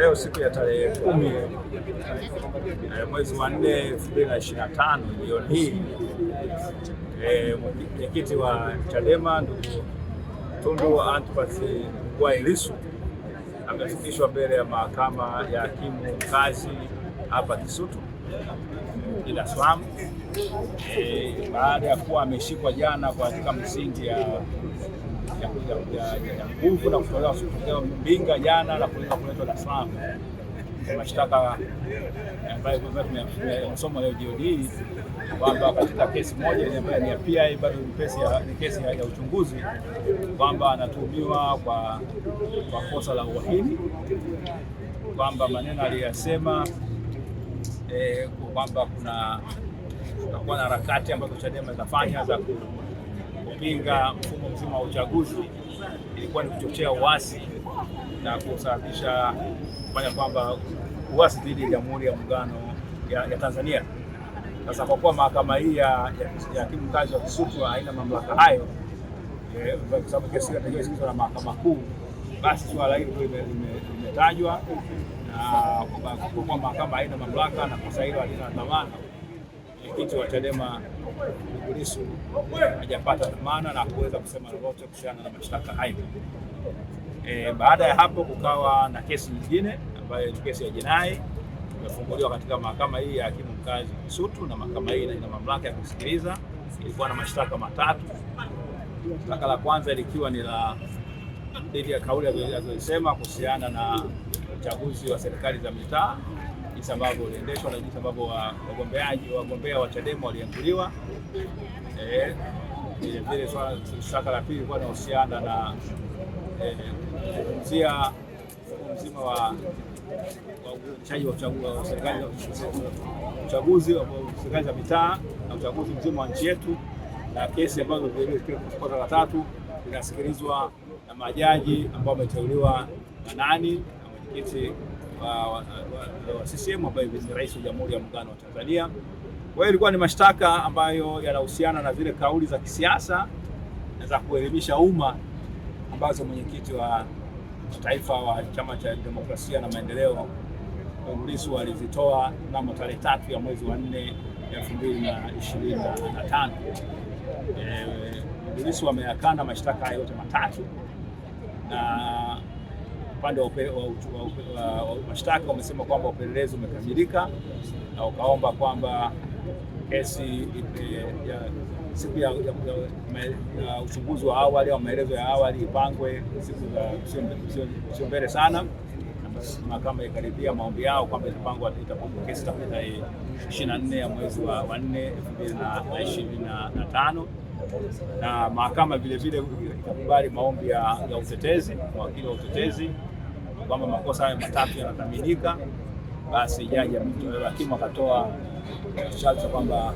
Leo siku ya tarehe kumi eh, mwezi wa nne elfu mbili na ishirini na tano jioni hii e, mwenyekiti wa Chadema ndugu Tundu Antipas Mghwai Lissu amefikishwa mbele ya mahakama ya hakimu mkazi hapa Kisutu Dar es Salaam e, baada ya kuwa ameshikwa jana katika msingi ya ya nguvu na kutolewa Mbinga jana na kuweza kuletwa Dar es Salaam mashtaka ambayo tumesoma leo jioni kwamba katika kesi moja ambayo ni ya PI bado ni kesi ya uchunguzi, kwamba anatuhumiwa kwa kwa kosa la uhaini, kwamba maneno aliyosema eh, kwamba kuna kutakuwa na harakati ambazo Chadema zinafanya za kupinga mfumo mzima wa uchaguzi ilikuwa ni kuchochea uasi na kusababisha kufanya kwamba uasi dhidi ya Jamhuri ya Muungano ya, ya Tanzania. Sasa kwa kuwa mahakama hii ya hakimu mkazi wa Kisutu haina mamlaka hayo, e, kwa sababu kesi hiyo na mahakama kuu, basi suala hilo limetajwa na kwa kuwa mahakama haina mamlaka na kosa hilo halina dhamana mwenyekiti wa Chadema ndugu Lissu hajapata dhamana na kuweza kusema lolote kuhusiana na mashtaka hayo. E, baada ya hapo kukawa na kesi nyingine ambayo ni kesi ya jinai imefunguliwa katika mahakama hii ya hakimu mkazi Kisutu, na mahakama hii ina mamlaka ya kusikiliza. Ilikuwa na mashtaka matatu, shtaka la kwanza likiwa ni la dhidi ya kauli alizosema kuhusiana na uchaguzi wa serikali za mitaa jinsi ambavyo uliendeshwa na jinsi ambavyo wagombeaji wagombea wa Chadema walianguliwa. Vilevile eh, swala la pili kwa inahusiana na eh, kuzungumzia mzima wa uendeshaji wa uchaguzi wa serikali za mitaa na uchaguzi mzima wa nchi yetu, na kesi ambazo kota la tatu zinasikilizwa na majaji ambao wameteuliwa na nani na mwenyekiti wa, wa, wa CCM ambaye ni rais wa Jamhuri ya Muungano wa Tanzania. Kwa hiyo ilikuwa ni mashtaka ambayo yanahusiana na zile kauli za kisiasa na za kuelimisha umma ambazo mwenyekiti wa taifa wa Chama cha Demokrasia na Maendeleo Lissu alizitoa mnamo tarehe tatu ya mwezi wa nne elfu mbili na ishirini na tano. Eh, Lissu ameyakana mashtaka yote matatu na upande wa mashtaka wamesema kwamba upelelezi umekamilika na ukaomba kwamba kesi siku ya uchunguzi wa awali au maelezo ya awali ipangwe siku sio mbele sana. Mahakama ikaridhia maombi yao kwamba itapangwa kesi itapangwa tarehe ishirini na nne ya mwezi wa nne elfu mbili na ishirini na tano na mahakama vilevile ikakubali maombi ya utetezi, mawakili wa utetezi kwamba makosa hayo matatu yanakamilika, basi jaji eh, hakimu akatoa sharti kwamba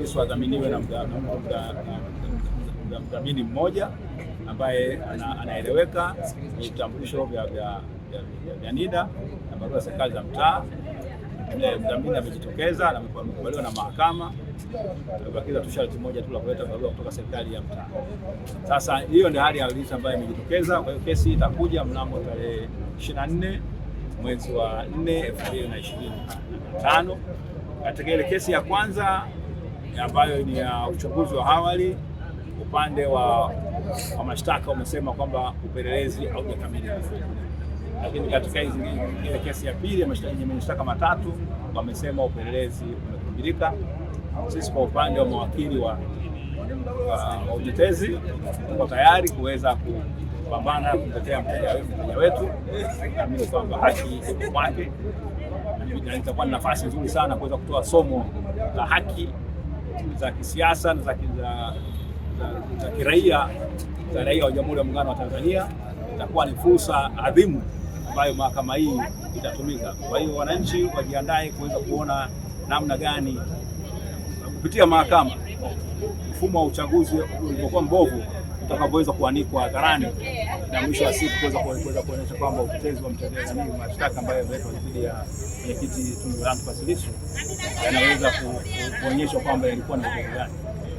Lissu adhaminiwe na mdhamini mmoja ambaye anaeleweka, vitambulisho vya NIDA na barua serikali za mtaa. Eh, mdhamini amejitokeza na amekubaliwa na mahakama, tumebakiza tu sharti moja tu la kuleta barua kutoka serikali ya mtaa. Sasa hiyo ndio hali halisi ambayo imejitokeza. Kwa hiyo kesi itakuja mnamo tarehe 24 mwezi wa 4 2025. Katika ile kesi ya kwanza ambayo ni ya uchunguzi wa awali, upande wa, wa mashtaka umesema kwamba upelelezi haujakamilika. Lakini katika ile kesi ya pili ya mashtaka matatu wamesema upelelezi umekamilika. Sisi kwa upande wa mawakili wa uh, utetezi tuko tayari kuweza kupambana kutetea mteja wetu, naamini kwamba haki iko kwake na itakuwa ni nafasi nzuri sana kuweza kutoa somo la haki za kisiasa na za kiraia za raia wa Jamhuri ya Muungano wa Tanzania. Itakuwa ni fursa adhimu ambayo mahakama hii itatumika. Kwa hiyo wananchi wajiandae kuweza kuona namna gani kupitia mahakama mfumo wa uchaguzi ulivyokuwa mbovu utakavyoweza kuanikwa hadharani na mwisho wa siku kuweza kuonyesha kwamba utetezi wa mtetezi mashtaka ambayo yameletwa dhidi ya mwenyekiti Tundu Antipas Lissu yanaweza kuonyeshwa kwamba yalikuwa na ukweli gani.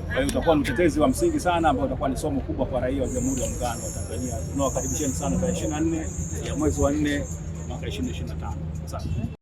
Kwa hiyo utakuwa ni utetezi wa msingi sana ambao utakuwa ni somo kubwa kwa raia wa Jamhuri ya Muungano wa Tanzania. Tunawakaribisheni sana tarehe 24 ya mwezi wa 4 mwaka 2025. Asante.